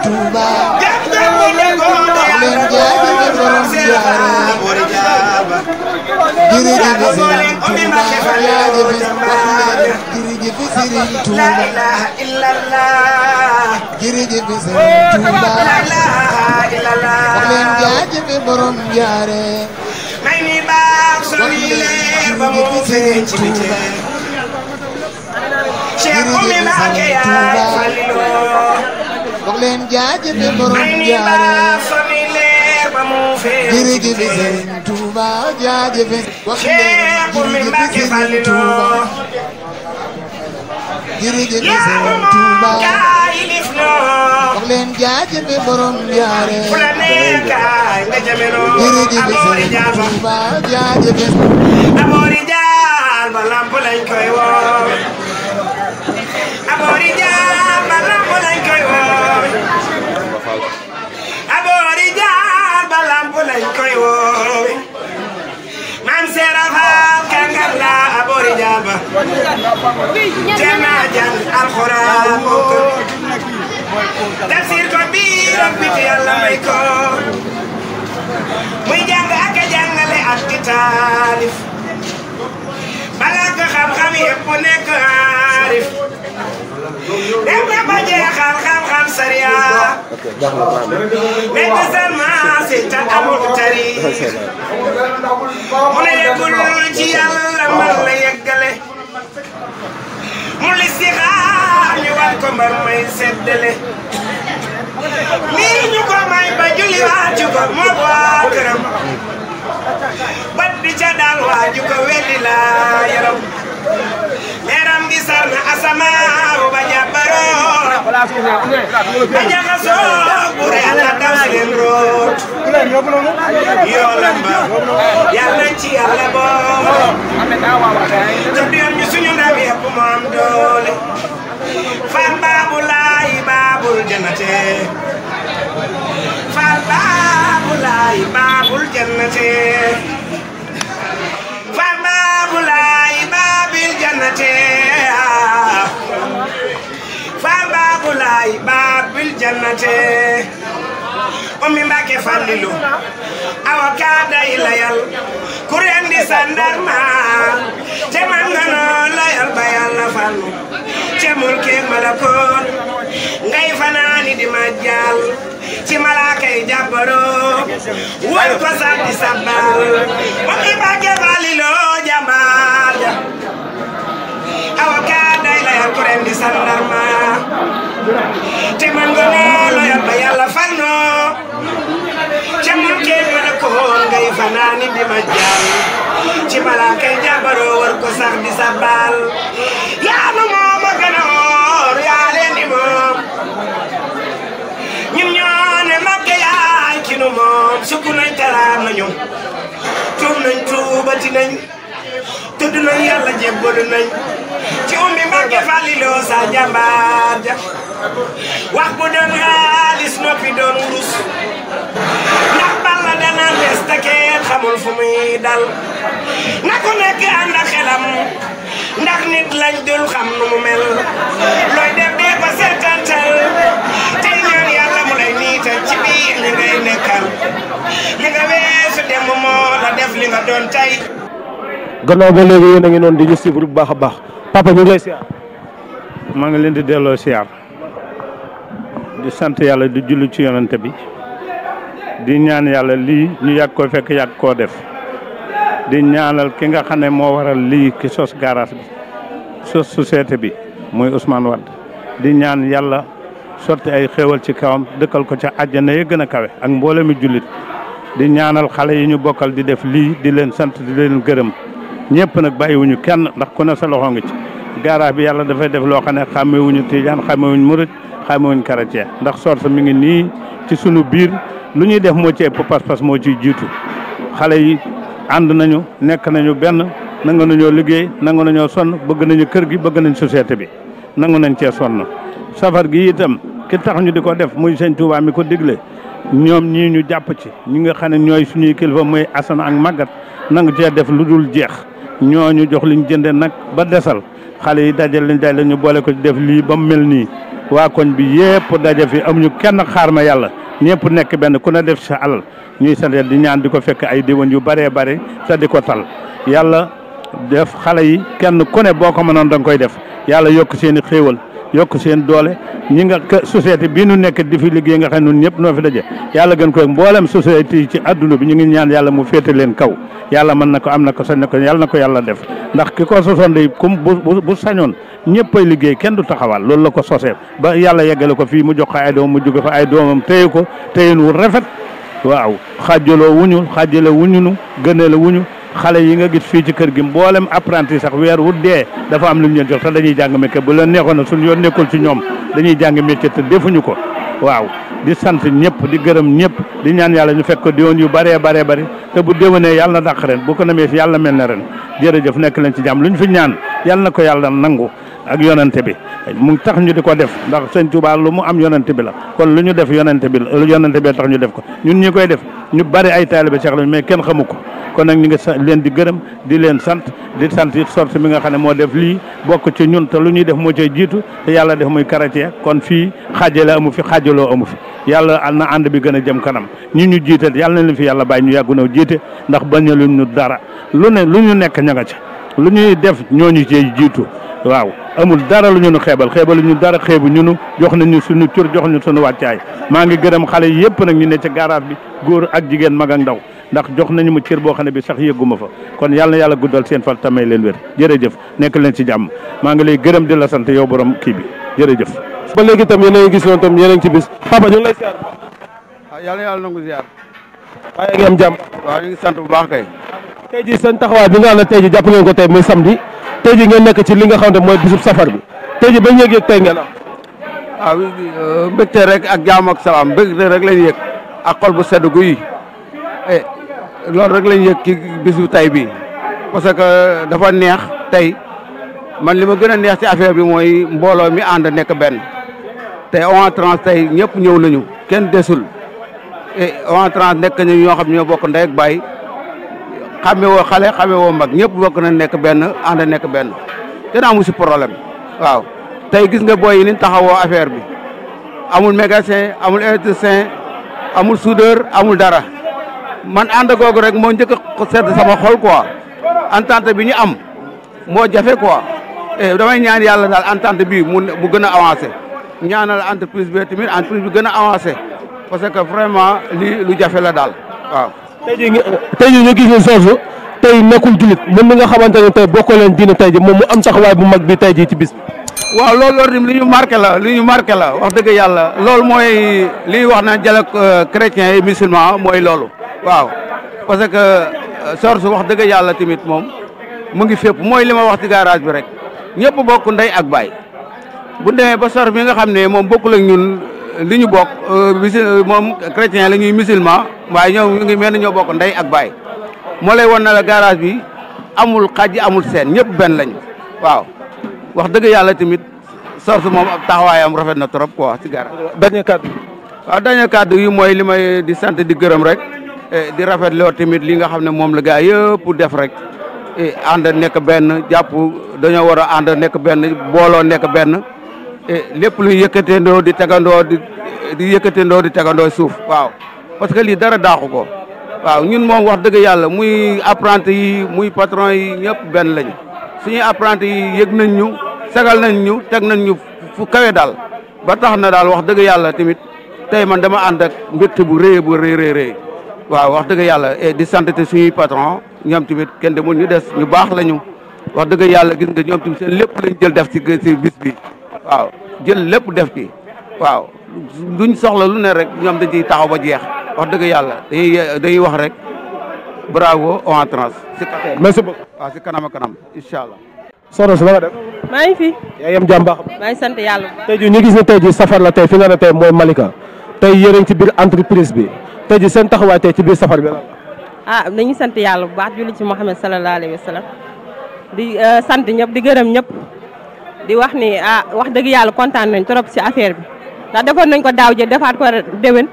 Tuba. الدهر ورجابا جريج بسرين توبا يا جبس أحمد جريج بسرين توبا لا إله إلا الله جريج بسرين توبا لا إله إلا الله ومن جاجب برم جاري ميني باب سنيلي بمو سرين توبا شيخ أمي معك يا فليلو ومن جاجب برم جاري ميني باب سنيلي بمو سرين jërëjëf Serigne Touba jaajëf wax leen jërëjëf wax leen jaajëf borom jaare jërëjëf Serigne Touba jaajëf. amoori jaal ba lamp koy woo. lañ koy woowe maam seera faal kàngal la aboori jaaba jannaa jàng alxuraan moo ko tafsir ko biiram biti yàlla may ko muy jàng ak a jàngale ak di taalif balaa nga xam-xam yëpp nekk aarif dem nga ba jeexal xam-xam sariya nekk semence yi ca amul tari mu ne yeggul ci yàlla mën la yeggale mu listixaar ñu war ko mbar may seddale nii ñu ko may ba julli waat ci ko moo waa këram bat bi ca daal waaju ko weddi laa yaram leeram gi na asamaaw ba jàbbaroo ba jaxasoo bure ala dal leen ci yàlla boom tuddiyoon ñu suñu ndam yëpp moom doole faal baabu laay baabu laay baabul الجنة فباب لاي باب الجنة فباب لاي باب الجنة أمي ماكي فاللو أو كاد إلى يل كورين دي ساندر ما تمنغنو لا يل بيال فالو تمولكي ملكون ngay fanaani di majjal ci malaakay jàbbaroo wër ko sax di sabbal moom i bàkke baliloo jamaal awa kaa day layal ku ren di sandarma te man nga noo loyal ba yàlla fal noo ca mun keen mën a koon ngay fanaani di majjal ci malaakay jàbbaroo wër ko sax di sabbal yaa ñun ñoo ne yaay ci nu moom sukk nañ talaar nañu tuub nañ tuubati nañ tudd nañ yàlla jébbalu nañ ci ummi Màkka Falliloo sa jàmbaar ja wax bu doon xaalis noppi doon wurus ndax Balla danaan des te kenn xamul fu muy dal na ku nekk ànd ak ndax nit lañ dul xam nu mu mel gannaaw ba léegi yéen ngi noonu di ñu suivre bu baax a baax papa ñu ngi lay maa ngi leen di delloo siyaar di sant yàlla di jullu ci yonante bi di ñaan yàlla lii ñu yàgg koo fekk yàgg koo def di ñaanal ki nga xam ne moo waral lii ki sos garage bi sos société bi muy Ousmane Wade di ñaan yàlla sotti ay xéewal ci kawam dëkkal ko ca àjjana ya gën a kawe ak mboolemi jullit di ñaanal xale yi ñu bokkal di def lii di leen sant di leen gërëm ñëpp nag bàyyiwuñu kenn ndax ku ne sa loxo nga ci garage bi yàlla dafay def loo xam ne xàmmewuñu tijaan xàmmewuñu murit xàmmewuñu chrétien ndax Source mi ngi nii ci sunu biir lu ñuy def moo ci ëpp pas-pas moo ciy jiitu xale yi ànd nañu nekk nañu benn nangu nañoo liggéey nangu nañoo sonn bëgg nañu kër gi bëgg nañ société bi nangu nañ cee sonn safar gi itam ki tax ñu di ko def muy sëñ Tuubaa mi ko digle ñoom ñii ñu jàpp ci ñi nga xam ne ñooy suñuy kilifa muy Assane ak màggat nangu cee def lu dul jeex ñooñu jox liñ jënde nag ba desal xale yi dajal liñ dajal ñu boole ko def lii ba mu mel nii waa koñ bi yépp daje fi ñu kenn xaar ma yàlla ñëpp nekk benn ku ne def sa alal ñuy sante di ñaan di ko fekk ay déwén yu baree bare te di ko tal yàlla def xale yi kenn ku boo ko mënoon danga koy def yàlla yokk seen i xéewal yokk seen doole ñi nga société bii nu nekk di fi liggéey nga xam ne ñun ñëpp noo fi daje yàlla gën koy mboolem société yi ci adduna bi ñu ngi ñaan yàlla mu féete leen kaw yàlla mën na ko am na ko sañ na ko yàlla na ko yàlla def ndax ki ko sosoon day comme bu bu sañoon ñëppay liggéey kenn du taxawal loolu la ko sosee ba yàlla yeggale ko fii mu jox ko ay doom mu jóge fa ay doomam téye ko téyin wu rafet waaw xàjjaloo wuñu xàjjale wuñu nu gënale wuñu xale yi nga gis fii ci kër gi mboolem apprenti sax weer wu dee dafa am lu ñu leen jox te dañuy jàng métier bu leen neexoon na yoon nekkul ci ñoom dañuy jàng métier te defuñu ko waaw di sant ñëpp di gërëm ñëpp di ñaan yàlla ñu fekk ko di woon yu bëree baree bëri te bu déwénee yàlla na dàq ren bu ko namee si yàlla mel na ren jërëjëf nekk leen ci jàmm lu ñu fi ñaan yàlla na ko yàlla nangu ak yonente bi mu tax ñu di ko def ndax sëñ Tuubaa lu mu am yonente bi la kon lu ñu def yonente bi la yonente bi tax ñu def ko ñun ñi koy def ñu bari ay taalibe Cheikh lañ mais kenn xamu ko kon nag ñu sa leen di gërëm di leen sant di sant it mi nga xam ne moo def lii bokk ci ñun te lu ñuy def moo cay jiitu te yàlla def muy karate kon fii xaajale amu fi xaajaloo amu fi yàlla na ànd bi gën a jëm kanam ñi ñu jiite yàlla na leen fi yàlla bàyyi ñu yàggunaw jiite ndax bañaluñ ñu dara lu ne lu ñu nekk ña nga lu ñuy def ñooñu cee jiitu waaw amul dara lu ñu nu xeebal xeebal ñu dara xeebu ñunu nu jox nañu suñu cur jox ñu suñu wàccaay maa ngi gërëm xale yëpp nag ñu ne ci garage bi góor ak jigéen mag ndaw ndax jox nañu ma cir boo xam ne bi sax yëgguma fa kon yàlla na yàlla guddal seen fal may leen jëre jëf nekk leen ci jàmm maa ngi lay gërëm di la sant yow borom kii bi jërëjëf. ba léegi tam yéen a ngi gis noonu itam yéen a ci bis papa ñu ngi lay ziar. waaw ah, na yàlla nangu ziar. waaye ngi sant bu baax kay téji ji seen taxawaay bi nga xam ne tey ji jàpp ngeen ko tey muy samedi tey ji ngeen nekk ci li nga xam ne mooy bisub safar bi tey ji ba ñu yëg-yëg tey ngeen am waaw ah, euh, rek ak jaam ak salaam mbégte rek lañ yëg ak xol bu sedd guy eh, loolu rek lañ yëg ci bisu tay bi parce que dafa neex tey man li ma gën a neex ci affaire bi mooy mbooloo mi ànd nekk benn tey en trans tey ñëpp ñëw nañu kenn desul et eh, en trans nekk nañu ñoo xam ñoo bokk ndey ak baay xame woo xale xame woo mag ñëpp bokk na nekk benn ànd nekk benn kenn amul si problème waaw tey gis nga booy ni niñ taxawoo affaire bi amul mécanicien amul électricien amul soudeur amul dara man ànd googu rek moo njëkk a sedd sama xol quoi entente bi ñu am moo jafe quoi eh, damay ñaan yàlla daal entente bi mu mu gën a avancé ñaanal entreprise bi tamit entreprise bi gën a avancé parce que vraiment li lu jafe la daal waaw tey jii tey jii ñu gis ne Georges tey nekkul jullit moom mi nga xamante ne tey bokkoo leen diine tey jii moom mu am taxawaay bu mag bi tey jii ci bis bi. waaw loolu loolu tamit li ñu marqué la li ñu marqué la wax dëgg yàlla loolu mooy li wax naa dialogue euh, chrétien et musulman mooy loolu. waaw parce que Georges euh, wax dëgg yàlla tamit moom mu ngi fépp mooy li ma wax ci garage bi rek ñëpp bokk ndey ak baay bu demee ba Georges mi nga xam ne moom bokkul ak ñun. li ñu bokk euh, musul euh, moom chrétien la ñuy musulman waaye ñoom ñu ngi mel ni ñoo bokk ndey ak baay moo lay won na la garage bi amul xaj amul seen ñëpp benn lañu waaw wax dëgg yàlla tamit sorte moom ab taxawaayam rafet na trop quoi si garage. dernier kàddu waaw dernier kàddu yi mooy li may di sant di gërëm rek eh, di rafet loo tamit li nga xam ne moom la gaa yëpp def rek eh, ànd nekk benn jàpp dañoo war a ànd nekk benn booloo nekk benn. Eh, lépp luy yëkkatendoo di tegandoo di di yëkkatendoo di tegandoo suuf waaw parce que lii dara daaxu ko waaw ñun moom wax dëgg yàlla muy apprenti yi muy patron yi ñëpp benn lañu suñuy apprenti yi yëg nañ ñu sagal nañ ñu teg nañ ñu fu kawe daal ba tax na daal wax dëgg yàlla tamit tey man dama ànd ak mbégte bu rëy bu rëy rëy waaw wax dëgg yàlla eh, di sant te suñuy patron ñoom tamit kenn demul ñu des ñu baax lañu wax dëgg yàlla gis nga ñoom tamit seen lépp jël def ci ci bis bi waaw jël lépp def ci waaw luñ soxla lu ne rek ñoom dañ ciy taxaw ba jeex wax dëgg yàlla dañuy dañuy wax rek bravo o entrance. merci beaucoup waaw si kanam a kanam incha allah. soxna si la nga def. maa ngi fi. yaa yem jàmm baax. maa ngi sant yàlla. tey jii ñu gis ne tey jii safar la tey fi nga ne tey mooy Malika tey yéen ci biir entreprise bi tey jii seen taxawaay tey ci biir safar bi la. ah nañu sant yàlla bu baax julli ci Muhammad sallallahu alayhi wa sallam euh, di wax ni ah, wax dëgg yàlla kontaan nañ trop si affaire bi ndax defoon nañ ko daaw jël defaat ko déwén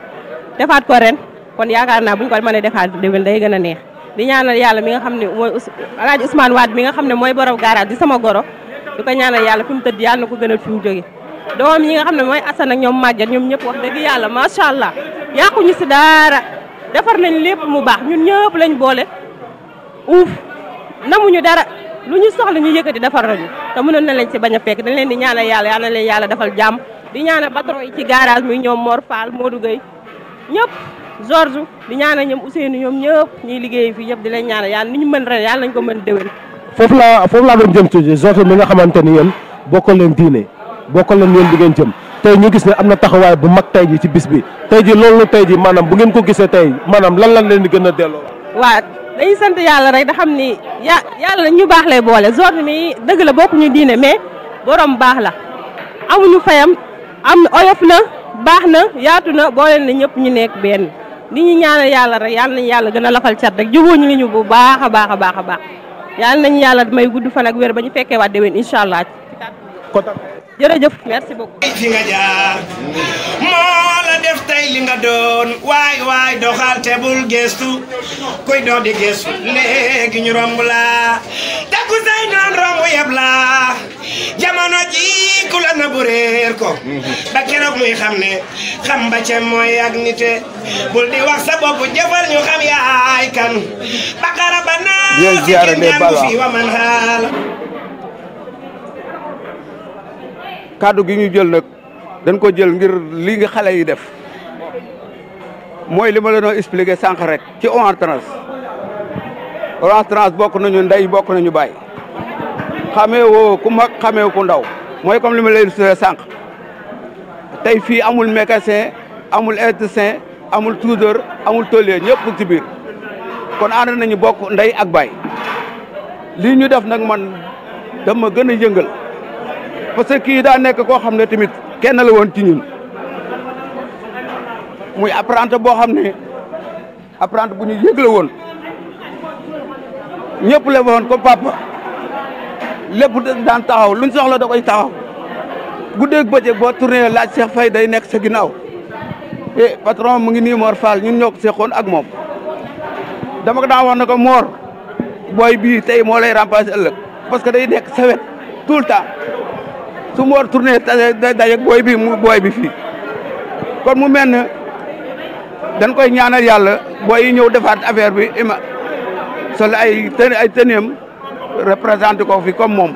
defaat ko ren kon yaakaar naa buñ ko mënee defaat déwén day gën a neex di ñaanal yàlla mi nga xam ne mooy alaaji Ousmane Wade mi nga xam ne mooy borom garage di sama goro di ko ñaanal yàlla fi mu tëdd yàlla na ko gën a fi mu jóge doom nga xam ne mooy Assane ak ñoom màgget ñoom ñëpp wax dëgg yàlla macha allah yàquñu si dara defar nañ lépp mu baax ñun ñëpp lañu boole uuf namuñu dara lu ñu soxla ñu yëkkati defar nañu te mënoon na leen ci bañ a fekk dañ leen di ñaanal yàlla yàlla leen yàlla defal jàmm di ñaanal patron yi ci garage muy ñoom Mor Fall Modou Gueye ñëpp Georges di ñaanal ñoom Ousseynou ñoom ñëpp ñuy liggéey fii ñëpp di leen ñaanal yàlla ni ñu mën ren yàlla nañ ko mën déwén foofu laa foofu laa doon jëm ci Georges nga xamante ni yéen bokkal leen diine bokkal leen yéen di ngeen jëm tey ñu gis ne am na taxawaay bu mag tey ji ci bis bi tey ji loolu tey ji maanaam bu ngeen ko gisee tey maanaam lan lan leen di gën a delloo dañuy sant yàlla rek da xam ni ya yàlla ñu baax lay boole zone mi dëgg la bokkuñu diine mais borom baax la amuñu fayam am oyof na baax na yaatu na boole na ñëpp ñu nekk benn ni ñu ñaanal yàlla rek yàlla nañu yàlla gën a lafal cat rek jubóoñu ñu ñu bu baax a baax a baax a baax yàlla nañu yàlla may gudd fan ak weer ba ñu fekkee waat déwén incha allah. jërëjëf merci beaucoup. fi nga jaar moo la def li nga doon waay waay doxal te bul gestu kuy dox di gestu léegi ñu romb la takku say noon romb yeb la jamono ji ku la na bu réer ko ba keroog muy xam ne xam ba ca mooy ak nite bul di wax bopp jëfal ñu xam yaay kan bakara ba naa fi wa man xaal kàddu gi ñu jël nag dañ ko jël ngir li nga xale yi def mooy li ma leen expliqué sànq rek ci Orange Trans Orange Trans bokk nañu ndey bokk nañu bay xamee woo ku mag xamee ku ndaw mooy comme li ma leen expliqué sànq tey fii amul mécanicien amul électricien amul soudeur amul tôlier ñëpp ci biir kon ànd nañu bokk ndey ak bay lii ñu def nag man dama gën a yëngal parce que kii daa nekk koo xam ne tamit kenn la woon ci ñun muy apprenti boo xam ne apprenti bu ñu yégle woon ñëpp la woon ko papa da daan taxaw luñ soxla da koy taxaw guddeeg bëccëg boo tourné laaj seex Faye day nekk sa ginnaaw e patron mu ngi nii Mor Fall ñun ñoo ko seqoon ak moom dama ko daan wax ne ko moor booy bii tey moo lay remplacer ëllëg parce que day nekk sa wet tout le temps su mu war tourné daje booy bi mu booy bi fii kon mu mel ne dañ koy ñaanal yàlla booy yi ñëw defaat affaire bi ma sol ay ten ay teneem représenté ko fi comme moom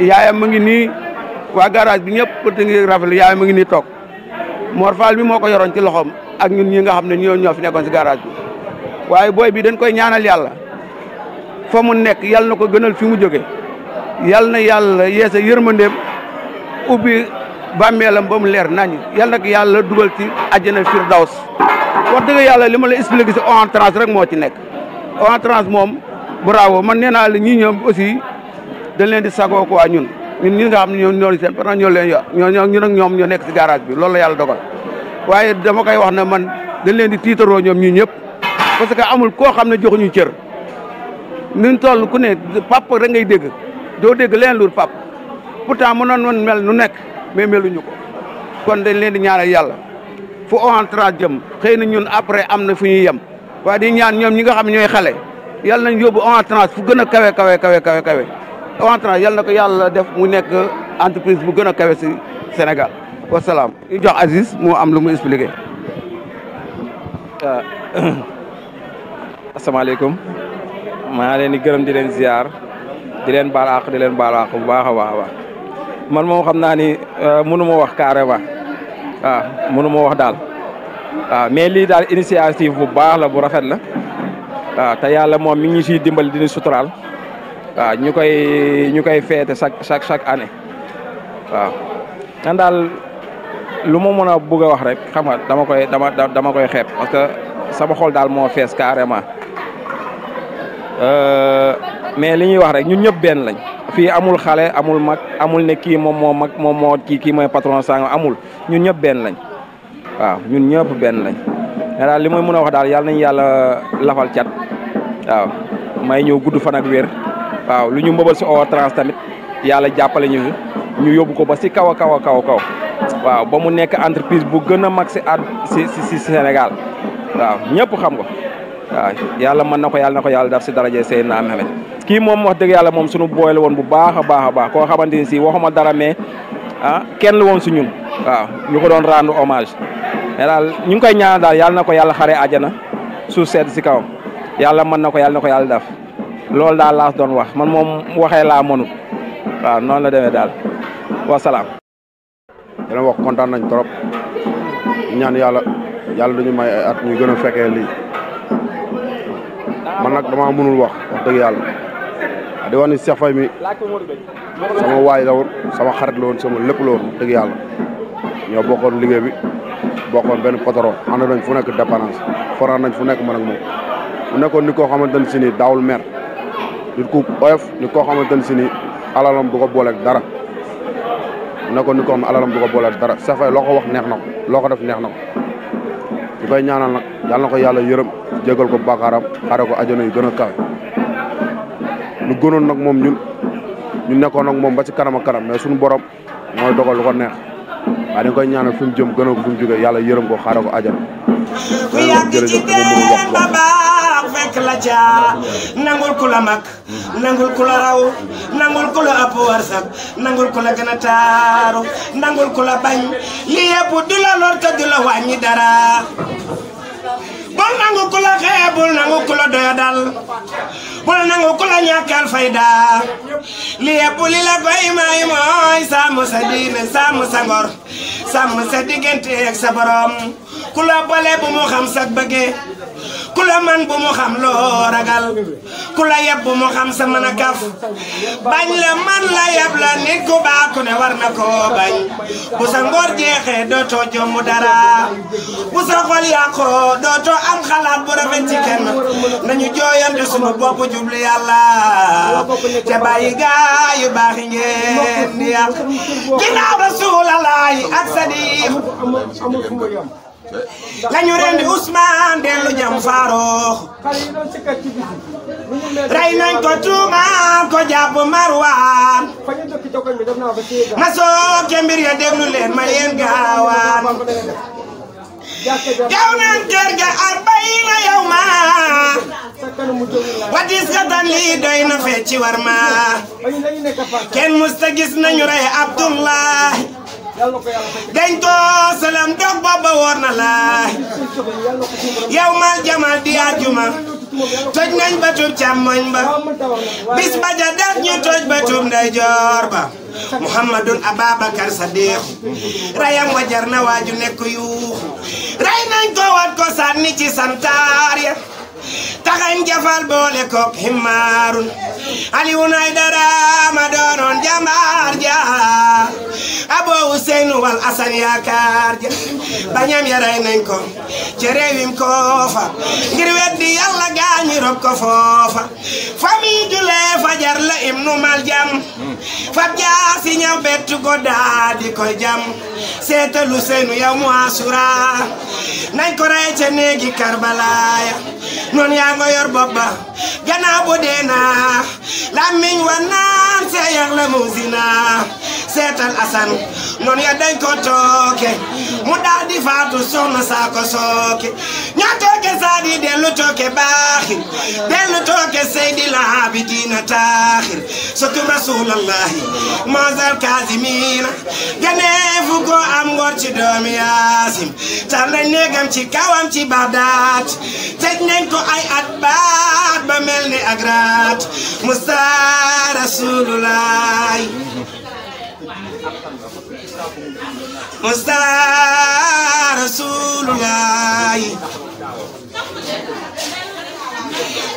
yaayam ma ngi nii waa garage bi ñëpp te ngi rafetlu yaayam mu ngi nii toog Mor Fall bi moo ko yoroon ci loxoom ak ñun ñi nga xam ne ñoo ñoo fi nekkoon si garage bi waaye booy bi dañ koy ñaanal yàlla foo mu nekk yàlla na ko gënal fi mu jóge yàlla na yàlla yeesa yërmandeem ubbi bàmmeelam ba mu leer nañu yàlla nag yàlla dugal ci àjjana firdaws wax dëgg yàlla li ma la expliqué si entrance rek moo ci nekk entrance moom bravo man nee naa la ñii ñoom aussi dañ leen di sagoo ko waa ñun ñun ñi nga xam ne ñoo ñoo seen parce que ñoo ñoo ñoo ñun ak ñoom ñoo nekk si garage bi loolu la yàlla waaye dama koy wax ne man dañ leen di tiitaroo ñoom ñii ñëpp parce que amul koo xam ne joxuñu cër ñun toll ku ne pap rek ngay dégg doo dégg leen luur pap temps mënoon woon mel nu nekk mais ñu ko kon dañ leen di ñaanal yàlla fu ONATRAS jëm xëy na ñun après am na fu ñuy yem waaye di ñaan ñoom ñi nga xam ñooy xale yàlla nañ yóbbu ONATRAS fu gën a kawe kawe kawe kawe kawe ONATRAS yàlla na ko yàlla def mu nekk entreprise bu gën a kawe si Sénégal wasalaam ñu jox Aziz moo am lu mu expliqué asalaamaaleykum maa leen di gërëm di leen ziar di leen baal àq di leen baal àq bu baax a baax man moom xam naa ni euh, mënu ma wax carrément waaw ah, mënu ma wax daal waaw ah, mais lii daal initiative bu baax la bu rafet la waaw ah, te yàlla moom mi ngi siy dimbal dina suturaal waaw ñu koy ñu koy feete chaque chaque chaque année waaw daal lu ma mën a bëgg a wax rek xam dama koy dama dama koy xeeb parce que sama xol daal moo fees carrément euh, mais li ñuy wax rek ñun ñëpp benn lañ fii amul xale amul mag amul ne kii moom moo mag moom moo kii kii mooy patron sàngam amul ñun ñëpp benn lañ waaw ñun ñëpp benn lañ mais li mooy mën a wax daal yàlla nañ yàlla lafal cat waaw may ñëw gudd fan ak wér waaw lu ñu mbëbal si Overtrace tamit yàlla jàppale ñu ñu yóbbu ko ba si kaw a kaw a kaw kaw waaw ba mu nekk entreprise bu gën a mag si at si senegal waaw ñëpp xam ko waaw yàlla mën na ko yàlla na ko yàlla daf si daraje Seydina Mohamed kii moom wax dëgg yàlla moom suñu booy la woon bu baax a baax a baax koo xamante ni si waxuma dara mais ah kenn woon su ñun waaw ñu ko doon rendre hommage mais daal ñu ngi koy ñaanal daal yàlla na ko yàlla xare àjjana suuf sedd si kawam yàlla mën na ko yàlla ko yàlla def loolu daal laas doon wax man moom waxee laa mënut noonu la demee daal wasalaam. dana wax kontaan nañ trop ñaan yàlla yàlla dañu may ay at ñu gën a fekkee lii man nag damaa mënul wax wax dëgg yàlla. di wax ni Cheikh Faye sama waay la sama xarit sama lépp la dëgg yàlla ñoo bokkoon liggéey bi bokkoon benn patron ànd nañ fu nekk dépendance foraan nañ fu nekk man ak moom mu nekkoon ni koo xamante ne si ni daawul mer nit ku oyof ni koo xamante ne si ni alalam du ko booleeg dara mu nekkoon ni koo xam ne dara Cheikh Faye loo ko wax neex na ko loo ko def neex na ko ñu koy ñaanal nag yàlla na ko yàlla yërëm jégal ko bàkkaaram xare ko àjjana yu gën kawe lu gënoon nag moom ñun ñu nekkoon ak moom ba ci kanam ak kanam suñu borom mooy dogal lu ko neex waaye dañ koy ñaanal fi mu jëm gënal yàlla yërëm ko xaaral ko àjjana. ku ma wax wax. fekk la ca nangul ku la nangul ku la nangul ku la nangul ku la nangul ku la bañ li yëpp du dara bul nangu ku la xeeb bul nangu ku la doyadal bul nangu ku la ñàkkal fayda li yëpp li la koy may mooy sàmm sa diine sàmm sa ngor sàmm sa diggante ak sa borom ku la bale bu mu xam sa bëgge ku la man bu mu xam loo ragal ku la yeb bu mu xam sa mën a kaf bañ la man la yeb la nit ku baax ku ne war na koo bañ bu sa ngor jeexee dootoo jomb dara bu sa xol yàqoo dootoo am xalaat bu rafet ci kenn nañu jooyante sunu bopp jubli yàlla te bàyyi gaa yu baax yi ngeen di yàq ginnaaw ba suulalaay ak sa lañu rendi Ousmane dellu jam faaroox rey nañ ko tuumaal ko jàpp Marwaan ma soog ca mbir ya déglu leen ma yeen gaawaan gaw nañ kër ga arbayiina yow ma watis ka tan lii doy na fecci war ma kenn musta gis nañu rey dañ ko salam dog booba woor na laay yow jamal di àjjuma toj nañ bëtub càmmoñ ba bis ba ja def ñu toj bëtub ndeyjoor ba muhammadun ababakar sadiq rayam wajar na waaju nekk yuuxu ray nañ ko wat ko sànni ci santaar ya taxañ jafal boole kook himmaarun Aliou Haydara doonoon jàmbaar ja Aboo Useynu wal Asan yaakaar ja bañam yaray nañ ko ci koofa ngir weddi yàlla gaañi rob ko foofa famille julee fajar la im jam fab jaa ñaw bettu ko koy jam seetal Useynu yow mu asura nañ ko rey ca néegi Karbalaaya noon yaa nga yor bopp ba gannaaw bu dee naa làmmiñ wa naan seeyax la muusina seetal asan noonu ya ko tooke mu daal di faatu soxna saa ko sooke ñoo tooke saa di dellu tooke baaxir dellu tooke seydi la abidina taaxir sotum rasulallahi mazal kazimina ganeefu ko am ngor doomi yaasim tar nañ néegam ci kawam ci bagdaat tej nañ ko ay at baat ba mel ni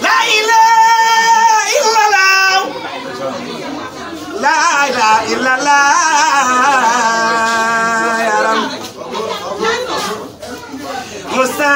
La ilaha La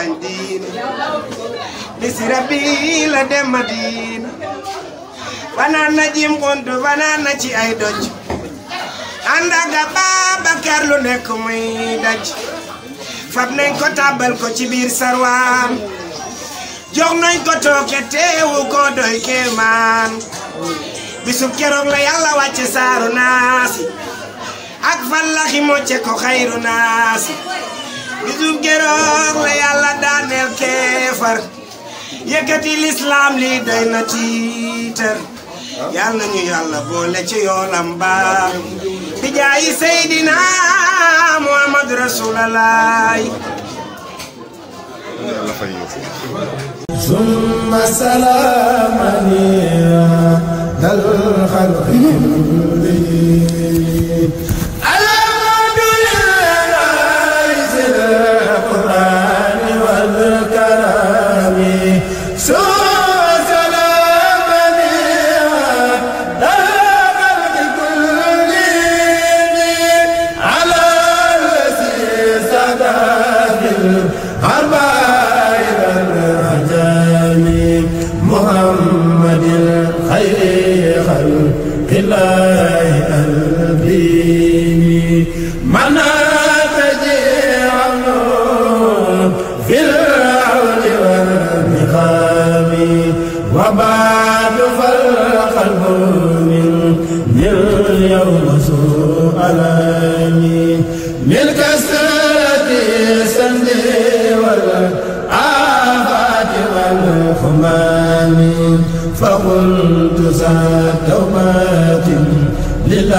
Madina bisira bii la dem Madina fanaan na jim xuntu fanaan na ci ay doj ànd ak Babacar lu nekk daj fab nañ ko tàbbal ko ci biir sarwaan jox nañ ko tooke teewu ko doy kéemaan bisub keroog la yàlla wàcce saaru naasi ak fallaxi mocce ko xayru naasi bisum keroog la yàlla daaneel keefar yëkkati lislaam li day na tiitar yal nañu yàlla boole ci yoolam baam bi jaayi seydina muhammad rasulalaay ثم سلامني ذا الخلق كله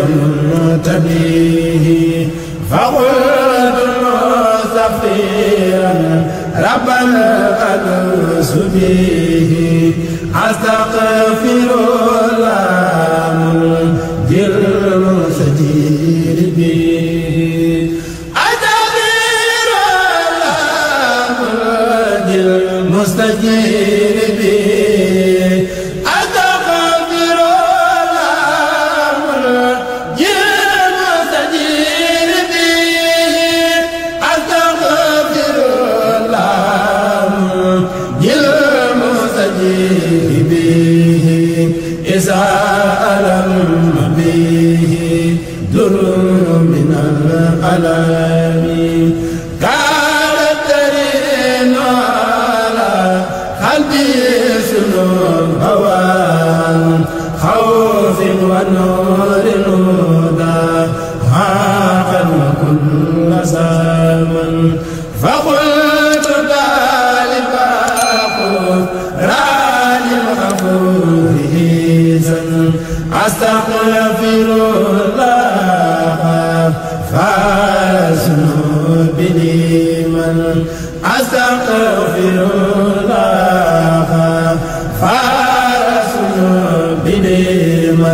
المنتبه فقلت مستغفرا رب القدس به أستغفر الله جل سجير به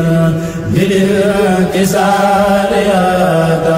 للانكسار يا